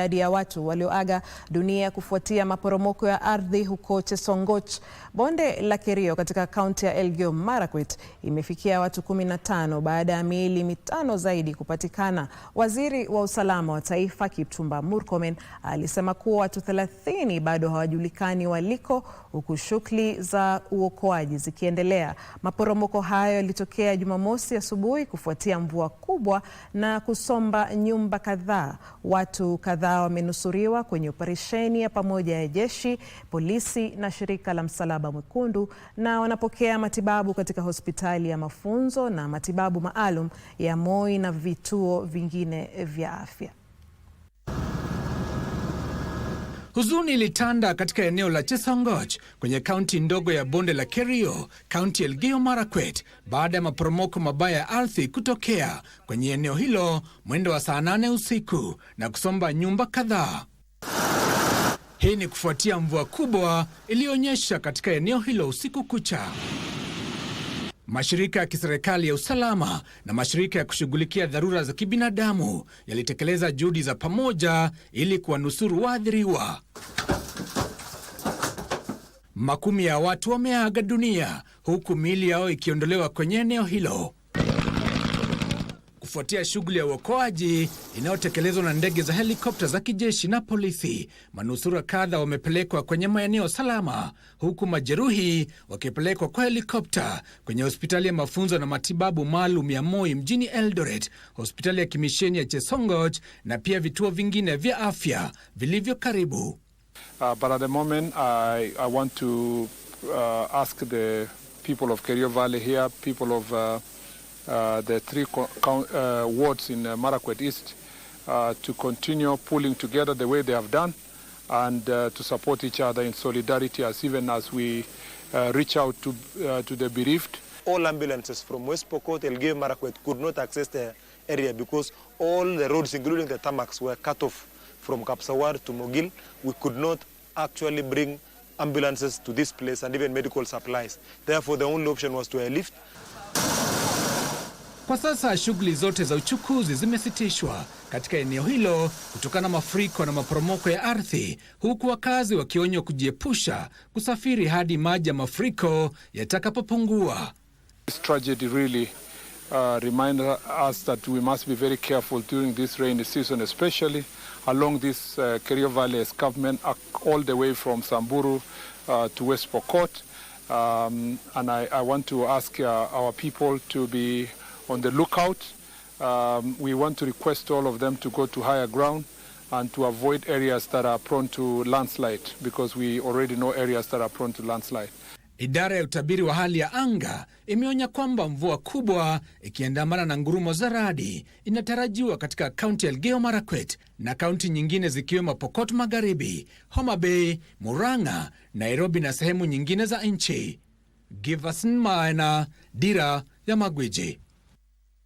Idadi ya watu walioaga dunia kufuatia maporomoko ya ardhi huko Chesongoch, bonde la Kerio katika kaunti ya Elgeyo Marakwet imefikia watu 15 baada ya miili mitano zaidi kupatikana. Waziri wa usalama wa taifa Kipchumba Murkomen alisema kuwa watu 30 bado hawajulikani waliko, huku shughuli za uokoaji zikiendelea. Maporomoko hayo yalitokea Jumamosi asubuhi kufuatia mvua kubwa na kusomba nyumba kadhaa. Watu kadhaa kadhaa wamenusuriwa kwenye operesheni ya pamoja ya jeshi, polisi na shirika la Msalaba Mwekundu na wanapokea matibabu katika hospitali ya mafunzo na matibabu maalum ya Moi na vituo vingine vya afya. Huzuni ilitanda katika eneo la Chesongoch kwenye kaunti ndogo ya bonde la Kerio, kaunti Elgeyo Marakwet, baada ya maporomoko mabaya ya ardhi kutokea kwenye eneo hilo mwendo wa saa nane usiku na kusomba nyumba kadhaa. Hii ni kufuatia mvua kubwa iliyonyesha katika eneo hilo usiku kucha. Mashirika ya kiserikali ya usalama na mashirika ya kushughulikia dharura za kibinadamu yalitekeleza juhudi za pamoja ili kuwanusuru waathiriwa. Makumi ya watu wameaga dunia huku miili yao ikiondolewa kwenye eneo hilo kufuatia shughuli ya uokoaji inayotekelezwa na ndege za helikopta za kijeshi na polisi. Manusura kadha wamepelekwa kwenye maeneo salama, huku majeruhi wakipelekwa kwa helikopta kwenye hospitali ya mafunzo na matibabu maalum ya Moi mjini Eldoret, hospitali ya kimisheni ya chesongoch na pia vituo vingine vya afya vilivyo karibu. Uh, but at the moment I, I want to uh, ask the people of Kerio Valley here, people of uh... Uh, the three uh, wards in uh, Marakwet East uh, to continue pulling together the way they have done and to support each other in solidarity as even as we reach out to, to the bereaved. All ambulances from West Pokot, Elgeyo Marakwet could not access the area because all the roads, including the tarmacs, were cut off from Kapsawar to Mogil. We could not actually bring ambulances to this place and even medical supplies. Therefore, the only option was to airlift. Kwa sasa shughuli zote za uchukuzi zimesitishwa katika eneo hilo kutokana na mafuriko na maporomoko ya ardhi, huku wakazi wakionywa kujiepusha kusafiri hadi maji ya mafuriko yatakapopungua. This tragedy really Uh, reminds us that we must be very careful during this rainy season especially along this uh, Kerio Valley escarpment uh, all the way from Samburu uh, to West Pokot um, and I, I want to ask uh, our people to be on the lookout. Um, we want to request all of them to go to higher ground and to avoid areas that are prone to landslide because we already know areas that are prone to landslide. Idara ya utabiri wa hali ya anga imeonya kwamba mvua kubwa ikiandamana na ngurumo za radi inatarajiwa katika kaunti ya Elgeyo Marakwet na kaunti nyingine zikiwemo Pokot Magharibi, Homa Bay, Murang'a, Nairobi na sehemu nyingine za nchi. Giverson Maina, Dira ya Magwiji.